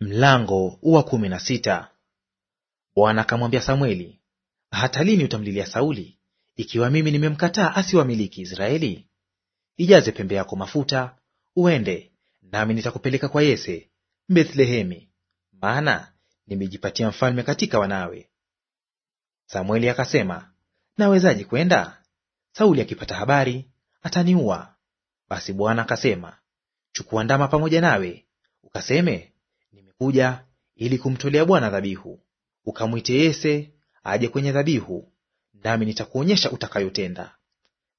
Mlango wa kumi na sita. Bwana akamwambia Samweli, hata lini utamlilia Sauli, ikiwa mimi nimemkataa asiwamiliki Israeli? Ijaze pembe yako mafuta, uende nami nitakupeleka kwa Yese Bethlehemi, maana nimejipatia mfalme katika wanawe. Samweli akasema, nawezaje kwenda? Sauli akipata habari ataniua. Basi Bwana akasema, chukua ndama pamoja nawe, ukaseme kuja ili kumtolea Bwana dhabihu. Ukamwite Yese aje kwenye dhabihu, nami nitakuonyesha utakayotenda.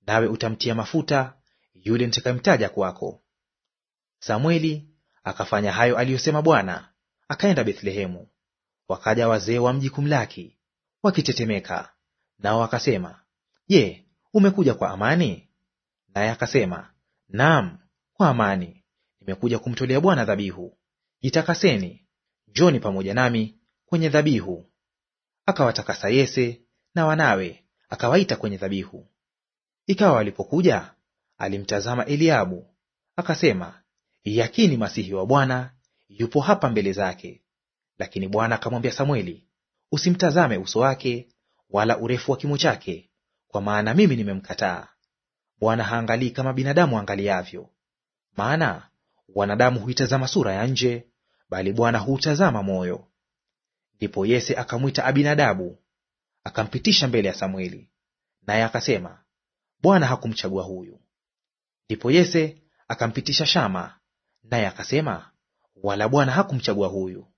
Nawe utamtia mafuta yule nitakayemtaja kwako. Samweli akafanya hayo aliyosema Bwana, akaenda Bethlehemu. Wakaja wazee wa mji kumlaki wakitetemeka, nao akasema Je, umekuja kwa amani? Naye akasema, Naam, kwa amani nimekuja kumtolea Bwana dhabihu. Jitakaseni, njoni pamoja nami kwenye dhabihu. Akawatakasa Yese na wanawe, akawaita kwenye dhabihu. Ikawa walipokuja alimtazama Eliabu, akasema, yakini masihi wa Bwana yupo hapa mbele zake. Lakini Bwana akamwambia Samweli, usimtazame uso wake wala urefu wa kimo chake, kwa maana mimi nimemkataa. Bwana haangalii kama binadamu angaliavyo, maana wanadamu huitazama sura ya nje, bali Bwana huutazama moyo. Ndipo Yese akamwita Abinadabu akampitisha mbele ya Samweli, naye akasema, Bwana hakumchagua huyu. Ndipo Yese akampitisha Shama, naye akasema, wala Bwana hakumchagua huyu.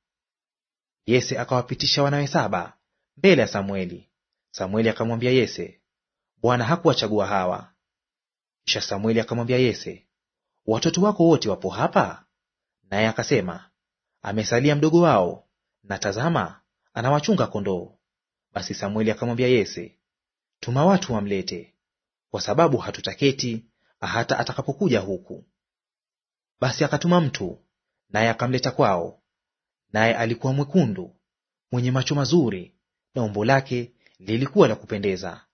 Yese akawapitisha wanawe saba mbele ya Samweli. Samweli akamwambia Yese, Bwana hakuwachagua hawa. Kisha Samweli akamwambia Yese, watoto wako wote wapo hapa? Naye akasema, amesalia mdogo wao, na tazama, anawachunga kondoo. Basi Samueli akamwambia Yese, tuma watu wamlete, kwa sababu hatutaketi hata atakapokuja huku. Basi akatuma mtu, naye akamleta kwao, naye alikuwa mwekundu, mwenye macho mazuri, na umbo lake lilikuwa la kupendeza.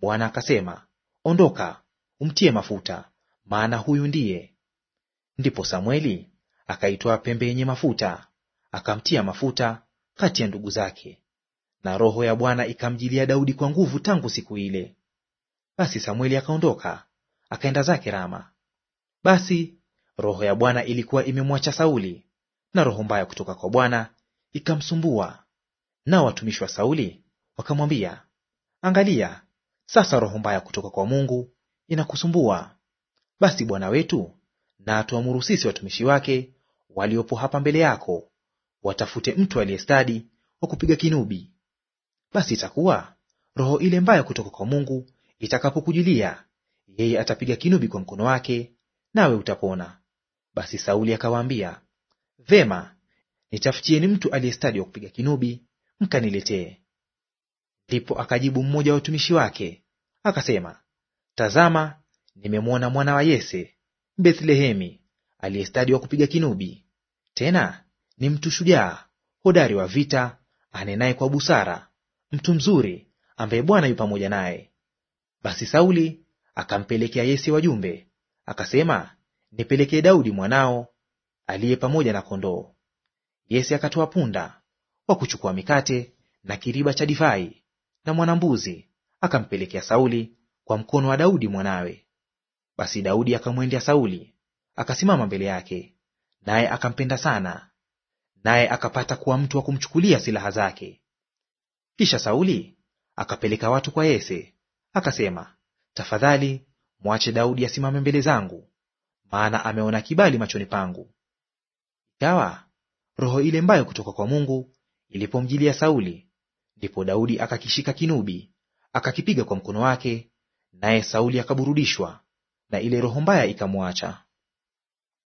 Bwana akasema, Ondoka, umtie mafuta, maana huyu ndiye. Ndipo Samweli akaitwaa pembe yenye mafuta, akamtia mafuta kati ya ndugu zake. Na roho ya Bwana ikamjilia Daudi kwa nguvu tangu siku ile. Basi Samueli akaondoka akaenda zake Rama. Basi roho ya Bwana ilikuwa imemwacha Sauli, na roho mbaya kutoka kwa Bwana ikamsumbua. Nao watumishi wa Sauli wakamwambia, angalia, sasa roho mbaya kutoka kwa Mungu inakusumbua. Basi bwana wetu na atuamuru sisi watumishi wake waliopo hapa mbele yako, watafute mtu aliyestadi wa kupiga kinubi. Basi itakuwa roho ile mbaya kutoka kwa Mungu itakapokujilia, yeye atapiga kinubi kwa mkono wake, nawe utapona. Basi Sauli akawaambia, vema, nitafutieni mtu aliyestadi wa kupiga kinubi, mkaniletee. Ndipo akajibu mmoja wa watumishi wake akasema, tazama, nimemwona mwana wa Yese Bethlehemi, aliyestadi wa kupiga kinubi, tena ni mtu shujaa, hodari wa vita, anenaye kwa busara, mtu mzuri, ambaye Bwana yu pamoja naye. Basi Sauli akampelekea Yese wajumbe, akasema, nipelekee Daudi mwanao aliye pamoja na kondoo. Yese akatoa punda wa kuchukua mikate na kiriba cha divai na mwanambuzi akampelekea Sauli kwa mkono wa Daudi mwanawe. Basi Daudi akamwendea Sauli, akasimama mbele yake, naye akampenda sana, naye akapata kuwa mtu wa kumchukulia silaha zake. Kisha Sauli akapeleka watu kwa Yese, akasema, tafadhali mwache Daudi asimame mbele zangu, maana ameona kibali machoni pangu. Ikawa roho ile mbayo kutoka kwa Mungu ilipomjilia Sauli, ndipo Daudi akakishika kinubi, akakipiga kwa mkono wake, naye Sauli akaburudishwa, na ile roho mbaya ikamwacha.